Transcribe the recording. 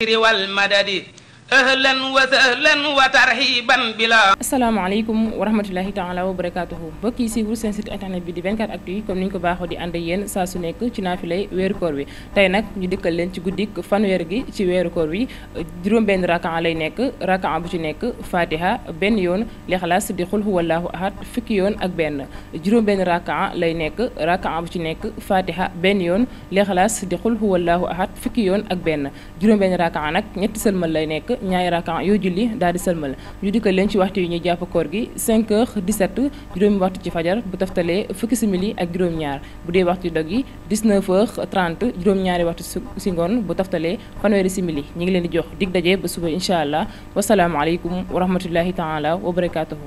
asalaamaaleykum wa rahmatullahi taala wa barakaatuhu mbokk yi siiwul seen site internet bi di 24 actu yi comme ni ñu ko baaxoo di ànd ak yéen saa su nekk ci naafilay weeru koor wi tey nag ñu dëkkal leen ci guddik fanweer gi ci weeru koor wi juróom benn rakaa lay nekk rakaa bu ci nekk fatiha benn yoon lixlaas di xul huwallaahu ahad fukki yoon ak benn juróom benn rakaa lay nekk rakaa bu ci nekk fatiha benn yoon lee leexalaas di xul huwallaahu ahad fukki yoon ak benn juróom benn rakaa nag ñetti sëlmal lay nekk ñaari rakaa yoo julli daal di sëlmal ñu dikkal leen ci waxtu yi ñuy jàpp koor gi 5 heures 17 juróomi waxtu ci fajar bu taftalee fukki simili ak juróom-ñaar bu dee waxtu dog yi 19 heures 30 juróom-ñaari waxtu si ngoon bu taftalee fanweeri simili ñu ngi leen di jox dig daje ba suba incha allah wasalaamualeykum wa rahmatullahi taala wa barakaatuhu.